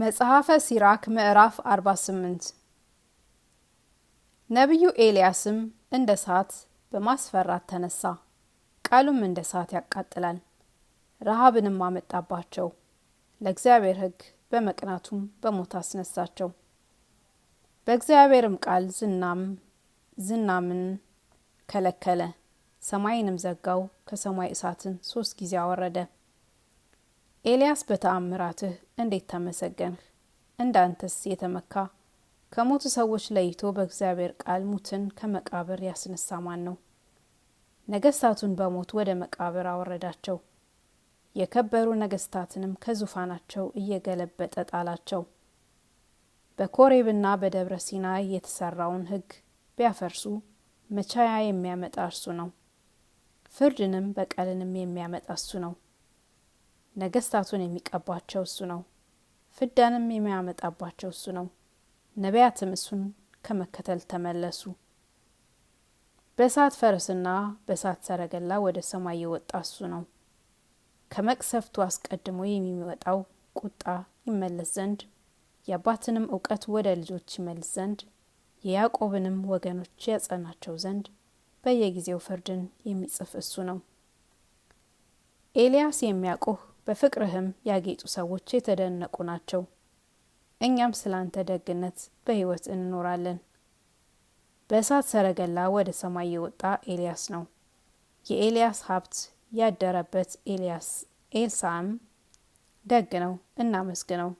መጽሐፈ ሲራክ ምዕራፍ 48 ነቢዩ ኤልያስም እንደ እሳት በማስፈራት ተነሳ፣ ቃሉም እንደ እሳት ያቃጥላል። ረሃብንም አመጣባቸው፣ ለእግዚአብሔር ሕግ በመቅናቱም በሞት አስነሳቸው። በእግዚአብሔርም ቃል ዝናም ዝናምን ከለከለ፣ ሰማይንም ዘጋው፣ ከሰማይ እሳትን ሶስት ጊዜ አወረደ። ኤልያስ በተአምራትህ እንዴት ተመሰገንህ! እንዳንተስ የተመካ ከሞቱ ሰዎች ለይቶ በእግዚአብሔር ቃል ሙትን ከመቃብር ያስነሳ ማን ነው? ነገስታቱን በሞት ወደ መቃብር አወረዳቸው፣ የከበሩ ነገስታትንም ከዙፋናቸው እየገለበጠ ጣላቸው። በኮሬብና በደብረ ሲና የተሰራውን ሕግ ቢያፈርሱ መቻያ የሚያመጣ እርሱ ነው። ፍርድንም በቀልንም የሚያመጣ እሱ ነው። ነገስታቱን የሚቀባቸው እሱ ነው። ፍዳንም የሚያመጣባቸው እሱ ነው። ነቢያትም እሱን ከመከተል ተመለሱ። በእሳት ፈረስና በእሳት ሰረገላ ወደ ሰማይ የወጣ እሱ ነው። ከመቅሰፍቱ አስቀድሞ የሚወጣው ቁጣ ይመለስ ዘንድ የአባትንም እውቀት ወደ ልጆች ይመልስ ዘንድ የያዕቆብንም ወገኖች ያጸናቸው ዘንድ በየጊዜው ፍርድን የሚጽፍ እሱ ነው። ኤልያስ የሚያውቁህ በፍቅርህም ያጌጡ ሰዎች የተደነቁ ናቸው። እኛም ስለ አንተ ደግነት በሕይወት እንኖራለን። በእሳት ሰረገላ ወደ ሰማይ የወጣ ኤልያስ ነው። የኤልያስ ሀብት ያደረበት ኤልያስ ኤልሳም ደግ ነው፣ እናመስግነው።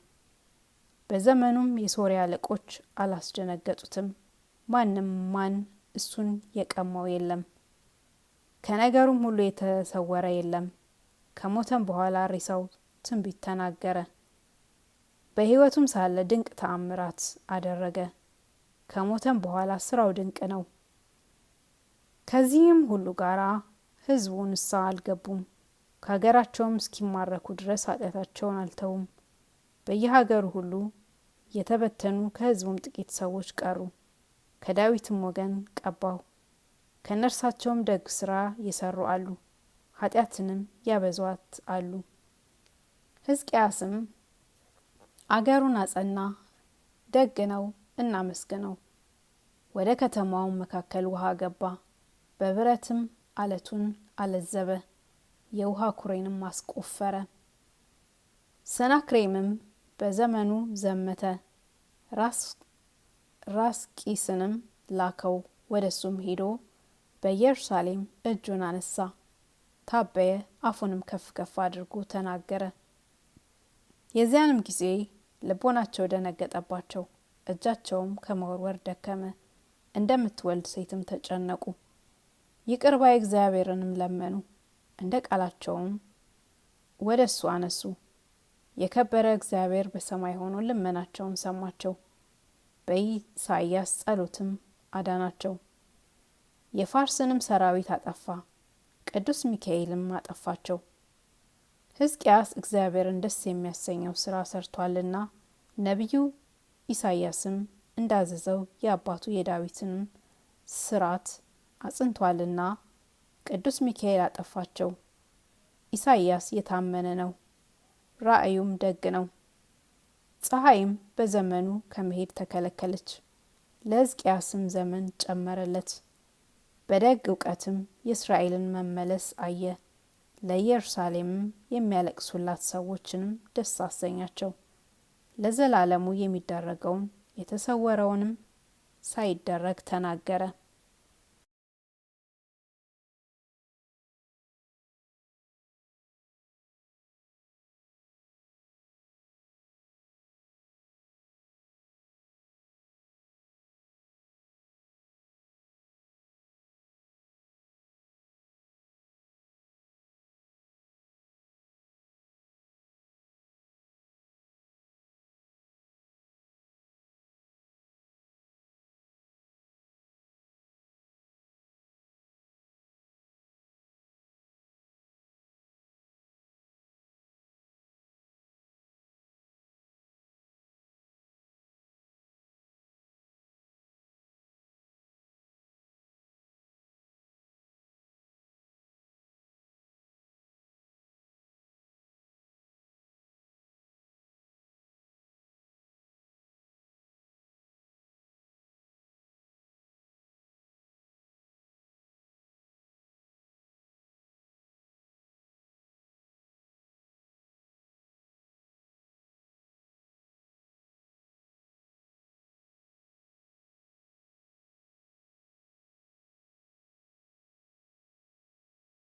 በዘመኑም የሶሪያ አለቆች አላስደነገጡትም። ማንም ማን እሱን የቀማው የለም፣ ከነገሩም ሁሉ የተሰወረ የለም። ከሞተም በኋላ ሬሳው ትንቢት ተናገረ። በሕይወቱም ሳለ ድንቅ ተአምራት አደረገ። ከሞተም በኋላ ስራው ድንቅ ነው። ከዚህም ሁሉ ጋር ህዝቡ ንስሐ አልገቡም። ከሀገራቸውም እስኪማረኩ ድረስ ኃጢአታቸውን አልተውም። በየሀገሩ ሁሉ የተበተኑ ከህዝቡም ጥቂት ሰዎች ቀሩ። ከዳዊትም ወገን ቀባው። ከነርሳቸውም ደግ ስራ የሰሩ አሉ። ኃጢአትንም ያበዟት አሉ። ሕዝቅያስም አገሩን አጸና፣ ደግ ነው፣ እናመስግነው። ወደ ከተማውም መካከል ውሃ ገባ፣ በብረትም አለቱን አለዘበ፣ የውሃ ኩሬንም አስቆፈረ። ሰናክሬምም በዘመኑ ዘመተ፣ ራስ ቂስንም ላከው፣ ወደ እሱም ሄዶ በኢየሩሳሌም እጁን አነሳ። ታበየ፣ አፉንም ከፍ ከፍ አድርጎ ተናገረ። የዚያንም ጊዜ ልቦናቸው ደነገጠባቸው፣ እጃቸውም ከመወርወር ደከመ። እንደምትወልድ ሴትም ተጨነቁ። ይቅርባ እግዚአብሔርንም ለመኑ፣ እንደ ቃላቸውም ወደ እሱ አነሱ። የከበረ እግዚአብሔር በሰማይ ሆኖ ልመናቸውን ሰማቸው፣ በኢሳይያስ ጸሎትም አዳናቸው። የፋርስንም ሰራዊት አጠፋ፣ ቅዱስ ሚካኤልም አጠፋቸው። ሕዝቅያስ እግዚአብሔርን ደስ የሚያሰኘው ስራ ሰርቷልና ነቢዩ ኢሳያስም እንዳዘዘው የአባቱ የዳዊትንም ስርዓት አጽንቷልና ቅዱስ ሚካኤል አጠፋቸው። ኢሳይያስ የታመነ ነው፣ ራእዩም ደግ ነው። ፀሐይም በዘመኑ ከመሄድ ተከለከለች፣ ለሕዝቅያስም ዘመን ጨመረለት። በደግ እውቀትም የእስራኤልን መመለስ አየ። ለኢየሩሳሌምም የሚያለቅሱላት ሰዎችንም ደስ አሰኛቸው። ለዘላለሙ የሚደረገውን የተሰወረውንም ሳይደረግ ተናገረ።